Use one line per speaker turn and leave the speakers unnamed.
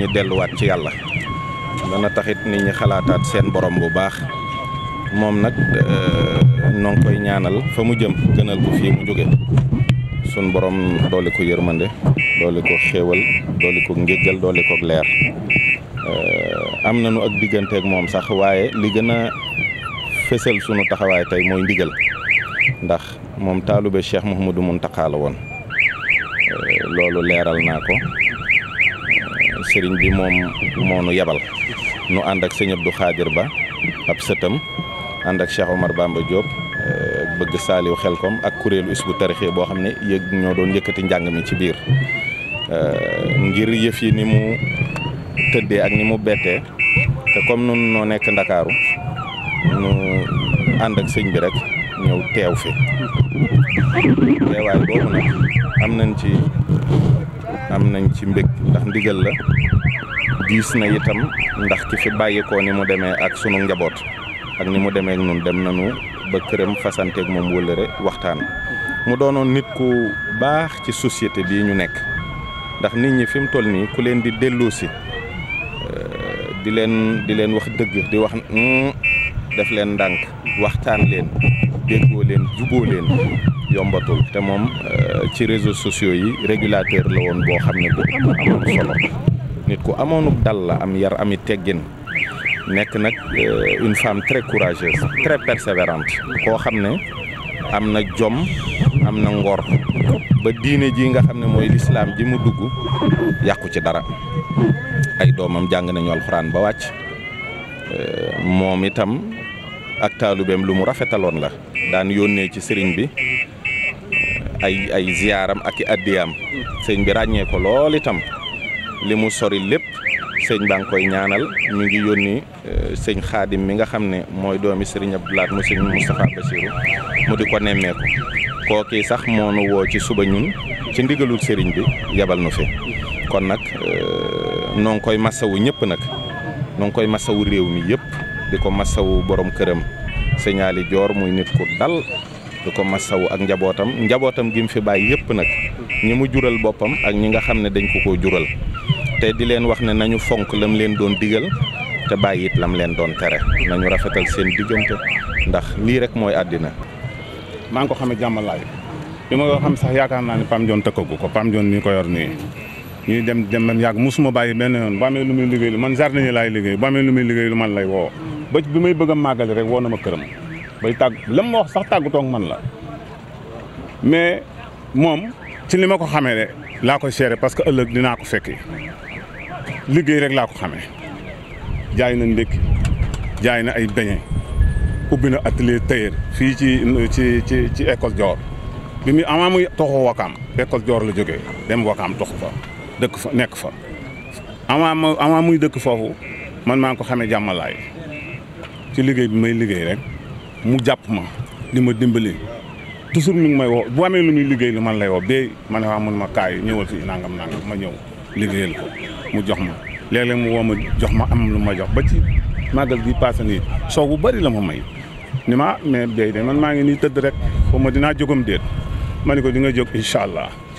ñi delluwaat ci yàlla dana taxit nit ñi xalaataat seen borom bu baax moom nag euh, noo ngi koy ñaanal fa mu jëm gënal ko fii mu jóge sun borom doole ko yërmande doole ko xéewal doole ko njéggal doole ko leer euh, am nañu ak digganteeg moom sax waaye li gën a fësal sunu taxawaay tey mooy ndigal ndax moom taalube Cheikh Mouhamadou Mountakha la woon euh, loolu leeral naa ko sëriñ bi moom nu yebal nu ànd ak sëñ Abdou Khadir Ba ab sëtam ànd ak Cheikh Omar Bamba Diop euh, bëgg saaliw xelkom ak kuréelu isbu tarixi boo xam ne yëg ñoo doon yëkkati njàng mi ci biir euh, ngir yëf yi ni mu tëddee ak ni mu bettee te comme nun noo nekk ndakaaru nu ànd ak sëñ bi rek ñëw teew fi teewaay boobu nag am nañ ci am nañ ci mbég ndax ndigal la gis na itam ndax ki fi bàyyikoo ni mu demee ak sunu njaboot ak ni mu demee nun dem nañu ba këram fasanteeg moom wëllëre waxtaan mu doonoon nit ku baax ci société bii ñu nekk ndax nit ñi fi mu toll nii ku leen di delloosi eh, di leen di leen wax dëgg di wax mm, def leen ndànk waxtaan leen déggoo leen juboo leen yombatul te moom euh, ci réseau sociaux yi régulateur la woon boo xam ne bu amoon solo nit ku amoonub dal la am yar ami teggin nekk nag euh, une femme très courageuse très persévérante koo xam ne am na jom am na ngor ba diine ji nga xam ne mooy lislaam ji mu dugg yàqu ci dara ay doomam jàng nañu alxuraan ba wàcc euh, moom itam ak taalubeem lu mu rafetaloon la daan yónnee ci sëriñ bi ay ay ziyaaram ak i addiyaam sëñ bi ràññee ko lool itam li mu sori lépp sëñ baa ngi koy ñaanal mi ngi yónni eh, sëñ xaadim mi nga xam ne mooy doomi sëriñ Abdoulaat mu sëñ Moustapha Bassirou mu di ko nemmeeku kooki sax moo nu woo ci suba ñun ci ndigalul sëriñ bi yabal nu fi kon nag eh, noo koy masawu ñëpp nag noo ngi koy masawu réew mi yëpp di ko masawu borom këram señaali joor muy nit ku dal du ko masawu ak njabootam njabootam gi mu fi bàyyi yëpp nag ñi mu jural boppam ak ñi nga xam ne dañ ko ko jural te di leen wax ne nañu fonk lam leen doon digal te bàyyi it lam leen doon tere nañu rafetal
seen diggante ndax lii rek mooy àddina maa ngi ko xamee jàmmalaay bi ma ko xam sax yaakaar naa ne Pam Dione tëkkagu ko Pam Dione mi ko yor nii ñuy dem dem dem yàgg musuma bàyyi benn yoon bu amee lu muy liggéey man jardinier laay liggéey ba amee lu muy liggéey lu man lay woo ba bi may bëgg a rek woo na ma këram ba tàgg lam ma wax sax tàggatoo man la mais moom ci li ma ko xamee de laa ko seere parce que ëllëg dinaa ko fekki liggéey rek laa ko xamee jaay na ndékki jaay na ay beñe ubbi na atelier tailleur fii ci ci ci ci école Dior bi muy avant muy toxu Wakaam école Dior la jóge dem Wakaam toxu fa dëkk fa nekk fa avant avant muy dëkk foofu man maa ngi ko xamee jàmmalaay ci liggéey bi may liggéey rek mu japp ma di ma dimbali toujours mi ngi may wo bu amee lu muy liggéey man lay woo bee ma ne waa mun ma kaay ñëwal fi nangam nangam ma ñëw liggéeyal ko mu jox ma léeg-léeg mu woo ma jox ma am lu ma jox ba ci màggal bi passé nii soo bu bëri la ma may ni ma mais bee de man maa ngi nii tëdd rek foofu ma dinaa jógam déet ma ne ko di nga jóg incha allah